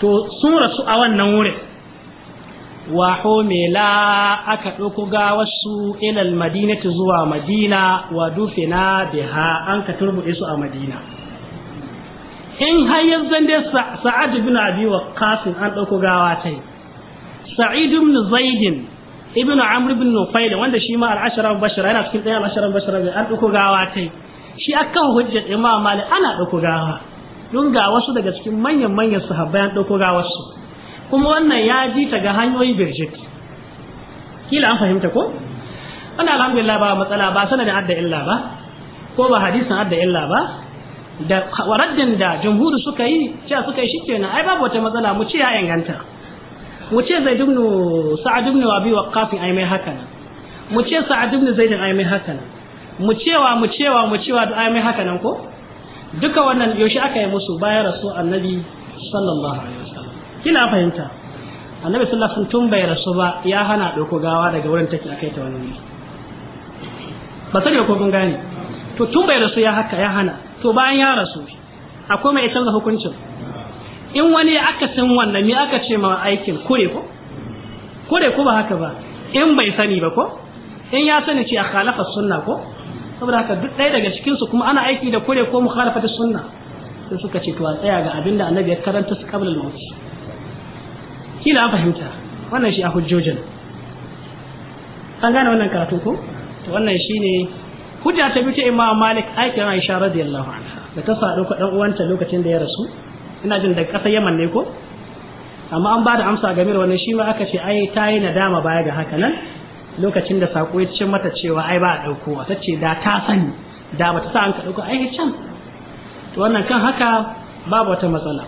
to sun su a wannan wurin wa mela aka ɗauko gawarsu ilal madinati zuwa madina wa dufina biha an ka turbu su a madina in har yanzu dai sa'ad ibn abi waqqas an ɗauko gawa tai سعيد بن زيد ibn عمرو بن nufail wanda shi ma al-ashara انا yana cikin ɗaya al ان bashara da an ɗauko gawa tai shi akan hujjar imam malik ana ɗauko gawa don ga wasu daga cikin manyan manyan sahabbai an ɗauko gawar su kuma wannan ya ji ta ga hanyoyi birjit kila an fahimta ko wannan alhamdulillah ba matsala ba sanadin adda illa ba ko ba hadisin adda illa ba da waraddin da jamhuri suka yi cewa suka yi shikenan ai babu wata matsala mu ce ya inganta mu ce zaid ibn sa'ad ibn abi waqqas yi mai haka nan mu ce sa'ad ibn zaid yi mai haka nan mu cewa mu cewa mu cewa da yi mai haka nan ko duka wannan yaushe aka yi musu bayan rasu annabi sallallahu alaihi wasallam kina fahimta annabi sallallahu alaihi wasallam tun bai rasu ba ya hana ɗauko gawa daga wurin take akai ta wannan ba sai ko kun gane to tun bai rasu ya haka ya hana to bayan ya rasu akwai mai ita hukuncin in wani aka san wannan ne aka ce ma aikin kure ko kure ko ba haka ba in bai sani ba ko in ya sani ce a khalafa sunna ko saboda haka duk ɗaya daga cikin su kuma ana aiki da kure ko da sunna sai suka ce to a tsaya ga abinda annabi ya karanta su kabla al-maut kila an fahimta wannan shi a hujjojin an gane wannan karatu ko to wannan shine hujja ta bi ta imam malik aikin aisha radiyallahu anha da ta sadu ka dan uwanta lokacin da ya rasu ina jin daga ƙasar yaman ne ko amma an ba da amsa game da wannan shi ma aka ce ai ta yi nadama baya ga haka nan lokacin da sako ya ce mata cewa ai ba a ɗauko ta ce da ta sani da ba ta sa an ka ɗauko ai can to wannan kan haka babu wata matsala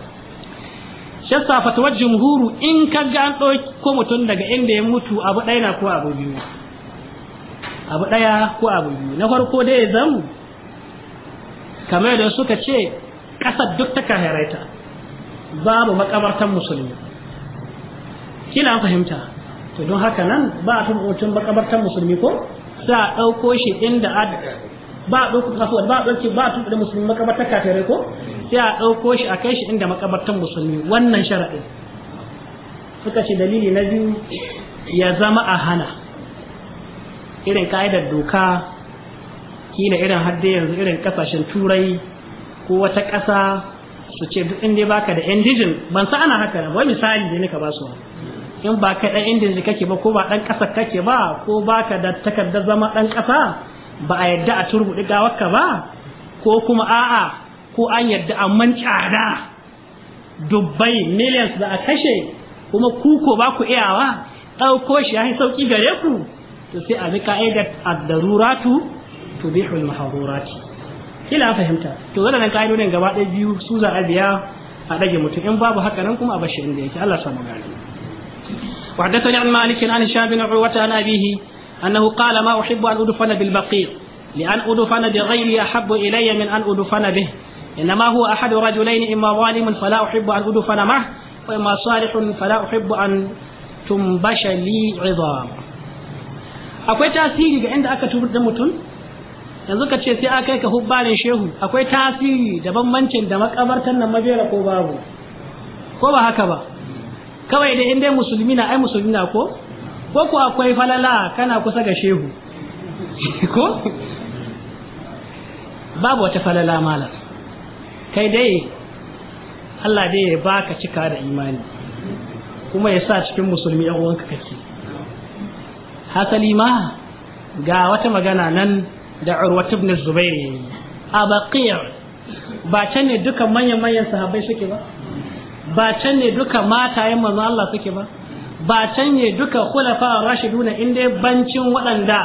shi yasa fatuwar jumhuru in ka ga an ɗauko mutum daga inda ya mutu abu ɗaya na ko abu biyu abu ɗaya ko abu biyu na farko dai zamu kamar da suka ce ƙasar duk ta kahiraita babu makabartan musulmi kila an fahimta to don haka nan ba a taɓa mutum makabartan musulmi ko za a ɗauko shi inda ba a ɗauko kafa ba a ɗauki ba a tuɓe da musulmi makabartar kafirai ko sai a ɗauko shi a kai shi inda makabartan musulmi wannan sharaɗin suka ce dalili na biyu ya zama a hana irin ka'idar doka kila irin hadde yanzu irin kasashen turai ko wata ƙasa su ce duk inda baka da indijin ban sa ana haka wai misali ne ka ba su in ba ka dan indiji kake ba ko ba dan kasa kake ba ko baka da takardar zama dan kasa ba a yadda a turbuɗi gawarka ba ko kuma a'a ko an yadda amman tsada dubbai millions da a kashe kuma ku ko ba ku iyawa ɗauko shi ya sauki gare ku to sai a bi ka'idar ad-daruratu tubihul mahdurati kila fahimta to wadannan ka'idodin gaba ɗaya biyu su za a biya a ɗage mutum in babu haka nan kuma a bashi inda yake Allah samu gari وحدثني عن مالك عن هشام بن عروة عن أبيه أنه قال ما أحب أن أدفن بالبقيع لأن أدفن بغيري أحب إلي من أن أدفن به إنما هو أحد رجلين إما ظالم فلا أحب أن أدفن معه وإما صالح فلا أحب أن تنبش لي عظام akwai tasiri ga inda aka tubar da mutum yanzu ka ce sai a kai ka hubbanin shehu akwai tasiri da bambancin da makabartar nan mabera ko babu ko ba haka ba kawai da inda musulmi na ai musulmi na ko ko ku akwai falala kana kusa ga shehu [LAUGHS] ko babu wata falala malam kai dai Allah dai ya baka cika da imani kuma ya sa cikin musulmi yan uwanka kake hasali ma ga wata magana nan da urwa ibn zubairi a baqiya ba can ne duka manyan manyan sahabbai suke ba ba can ne duka matayen manzo Allah suke ba ba can ne duka khulafa rashiduna inda bancin waɗanda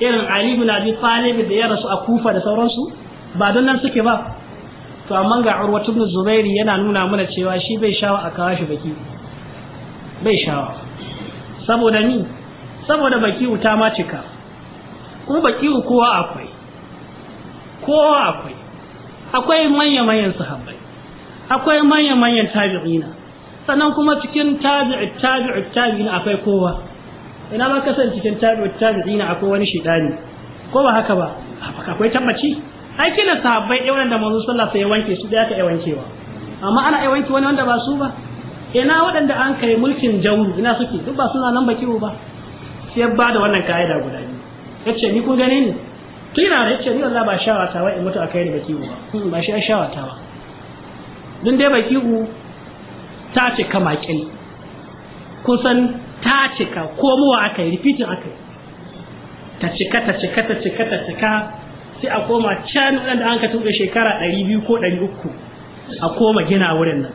irin Ali ibn Abi Talib da ya rasu a Kufa da sauransu ba don nan suke ba to amma ga Urwa ibn Zubairi yana nuna mana cewa shi bai shawa a kawashi baki bai shawa saboda ni saboda baki uta ma cika kuma bakiru kowa akwai kowa akwai akwai manya-manyan sahabbai akwai manya-manyan tabi'ina sannan kuma cikin tabi'i tabi'i tabi'ina akwai kowa ina ma kasan cikin tabi'i tabi'ina akwai wani shidani ko ba haka ba akwai tabbaci ai kina sahabbai ɗaya wanda manzo sallallahu alaihi wasallam ya wanke su da aka yi wankewa amma ana yi wanke wani wanda ba su ba ina waɗanda an kai mulkin jawu ina suke duk ba suna nan bakiru ba sai ba da wannan ka'ida guda yace ni kun gane ni yana da yace ni Allah ba shawata wa in mutu akai ni baki ba hmm, ba shi shawata ba dun dai baki ku ta ce kama kin kusan ta cika komowa aka yi rifitin aka yi ta cika ta cika ta cika ta cika sai a koma can nan da an ka tuɓe shekara ɗari biyu ko ɗari uku a koma gina wurin nan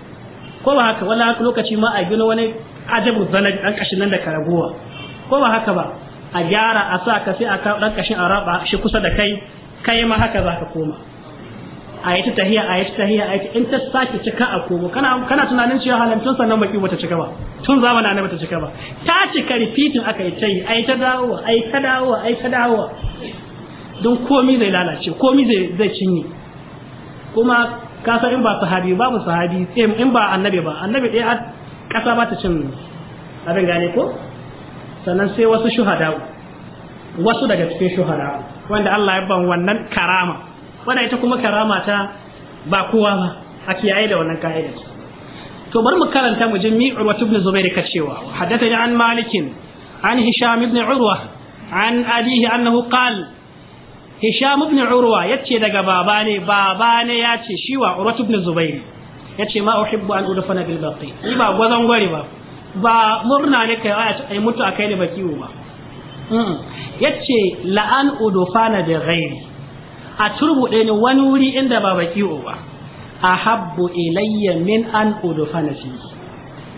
ko ba haka wani haka lokaci ma a gina wani ajabu zanar ɗan ƙashin nan da karagowa ko ba haka ba a gyara a sa ka sai a kawo ɗan ƙashin a raba shi kusa da kai kai ma haka za ka koma a yi ta tahiya a yi ta tahiya a yi in ta sake cika a komo kana kana tunanin cewa halantun sannan baki bata cika ba tun zamana ne bata cika ba ta cika rifitin aka yi ta yi a yi ta dawowa a yi ta dawowa a yi ta dawowa don komi zai lalace komi zai zai cinye kuma ka san in ba sahabi babu sahabi in ba annabi ba annabi ɗaya ƙasa ba ta cin abin gane ko sannan sai wasu shuhada wasu daga cikin shuhada wanda Allah ya ban wannan karama wanda ita kuma karama ta ba kowa ba a kiyaye da wannan ka'ida to bari mu karanta mu jin mi'ur wa ibn zubair ka cewa haddathani an malikin an hisham ibn urwa an abihi annahu qal hisham ibn urwa yace daga baba ne baba ne yace shi wa urwa ibn zubair yace ma uhibbu an udfana bil baqi ni ba gwazan gwari ba ba murna ne kai aya ta mutu akai ne ba kiwo ba yace la'an udufana da ghairi a turbuɗe ni wani wuri inda ba ba kiwo ba ahabbu ilayya min an udufana fi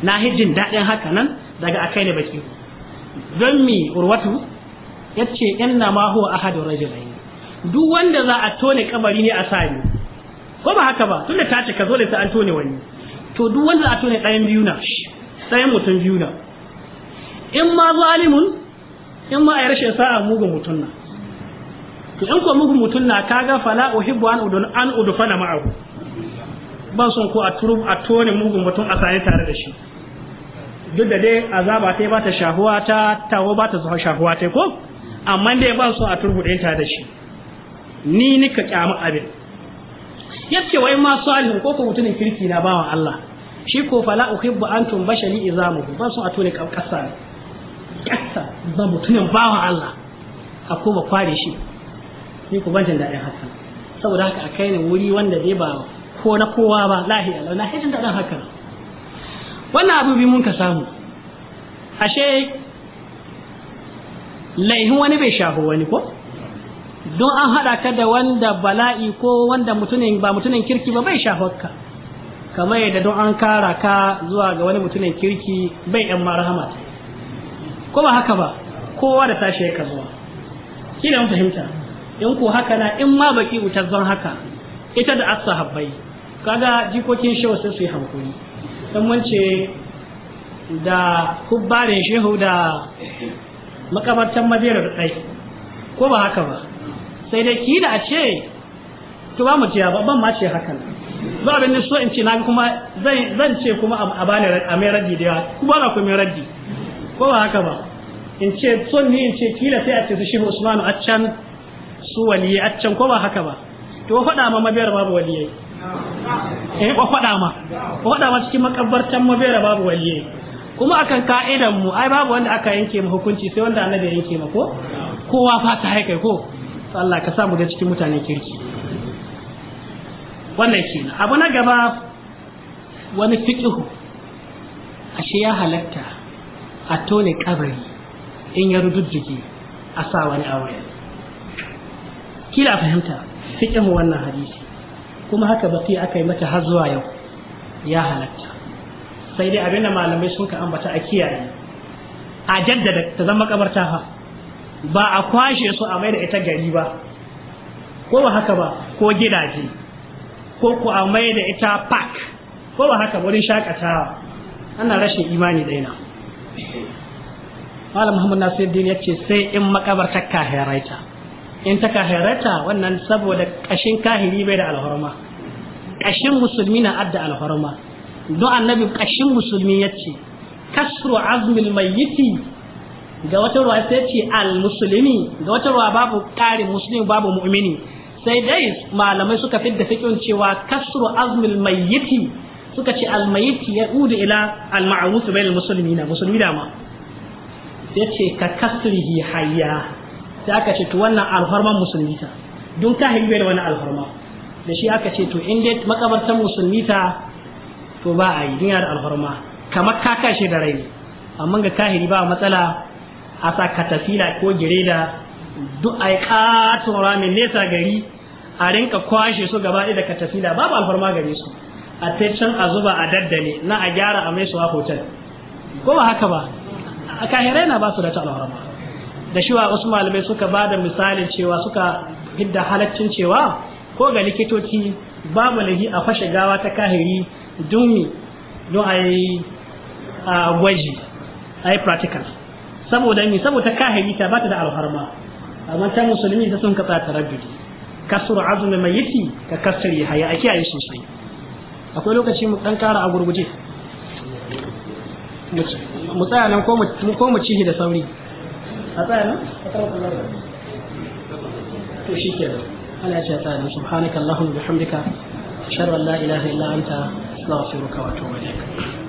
na hijin daɗin haka nan daga akai ne ba kiwo don mi urwatu yace inna ma huwa ahadu rajulain duk wanda za a tone kabari ne a sani ko ba haka ba tunda ta ce ka zo da ta an tone wani to duk wanda za a tone ɗayan biyu na shi sai mutum biyu na in ma zalimun in ma ai rashin sa'a mugun mutum na to in ko mugun mutum na kaga fala uhibbu an udun an udfana ma'ahu ban son ko a turu a tone mugun mutum a sani tare da shi duk da dai azaba ta ba ta shahuwa ta tawo ba ta zuwa shahuwa ta ko amma dai ban son a turbuɗe ta da shi ni nika kyamu abin yace wai ma salihu ko ko mutumin kirki na bawan Allah shi ko fala uhibbu an tumbasha li izamu ba su a tone kasa kasa ba mutumin bawa Allah a ko ba kware shi ni ku bantan da haka saboda haka a kai ne wuri wanda zai ba ko na kowa ba lahiya na lahiya da dan haka wannan abu bi mun ka samu ashe laihin wani bai shaho wani ko don an haɗa ka da wanda bala'i ko wanda mutumin ba mutumin kirki ba bai shafar ka kamar yadda don an kara ka zuwa ga wani mutumin kirki bai yan marhama ta ko ba haka ba kowa da tashi ya zuwa shi mun fahimta in ko haka na in ma baki wutar zan haka ita da Asa Habbai. kaga jikokin shehu sun su yi hankuri don mun da kubbarin shehu da makabartan madera da ko ba haka ba sai dai da a ce to ba mu ce ba ban ma ce hakan za abin so in ce na bi kuma zan ce kuma a bani a mai raddi da yawa kuma na kuma raddi ko ba haka ba in ce son ni in ce kila sai a ce su shiru usmanu a can su waliye a can ko ba haka ba to faɗa ma mabiyar babu waliye eh ko faɗa ma ko faɗa ma cikin makabartan mabiyar babu waliye kuma akan ka'idan mu ai babu wanda aka yanke mu hukunci sai wanda annabi ya yanke ma ko kowa fata haikai ko Allah ka sa mu ga cikin mutane kirki wannan na, abu na gaba wani fiƙihu a shi ya halatta a tone kabari in ya rududduke a sa wani aure kila fahimta fiƙihu wannan hadisi kuma haka ba baki aka yi mata har zuwa yau ya halatta sai dai abinda malamai sun ka ambata a kiyaye a jaddada ta zama kabarta fa ba a kwashe su a mai da ita gari ba ko ba haka ba ko gidaje ko ku a mai da ita park ko ba haka wurin shakatawa ana rashin imani daina malam muhammad nasiruddin ya ce sai in makabartar kahiraita in ta kahiraita wannan saboda kashin kahiri bai da alhorma kashin musulmi na adda alhorma don annabi kashin musulmi ya ce kasru azmil mayyiti ga wata ruwa sai ce al musulmi ga wata ruwa babu ƙarin musulmi babu mu'mini sai dai malamai suka fidda fikin cewa kasru azmil mayyiti suka ce almayiti ya udu ila alma'ruf bainal na musulmi da ma sai ce ka kasrihi hayya sai aka ce to wannan alhorman musulmi ta don ka hibbe da wannan alhorma da shi aka ce to in dai makabartar musulmi ta to ba a yi dinya da alhorma kamar ka kashe da rai amma ga kahiri ba matsala a sa katafila ko gireda duk ai katon ramin nesa gari a rinka kwashe su gaba da da babu alfarma gare su a taicen a zuba a daddane na a gyara a mai suwa hotel ko ba haka ba a kahirai na ba su da ta alfarma da shi wa wasu malamai suka ba da misalin cewa suka hidda halaccin cewa ko ga likitoci babu lahi a fashe gawa ta kahiri dumi don a yi gwaji a yi practical saboda ni saboda kahiri ta bata da alharma amma ta musulmi ta sun katsa taraddudi kasur azumi mai yiti ka kasar haya a kiyaye sosai akwai lokaci mu dan kara a gurguje mu tsaya nan ko mu cihi da sauri a tsaya nan to shi ke ana ce tsaya nan subhanaka allahumma bihamdika ashhadu an la ilaha illa anta astaghfiruka wa atubu ilaik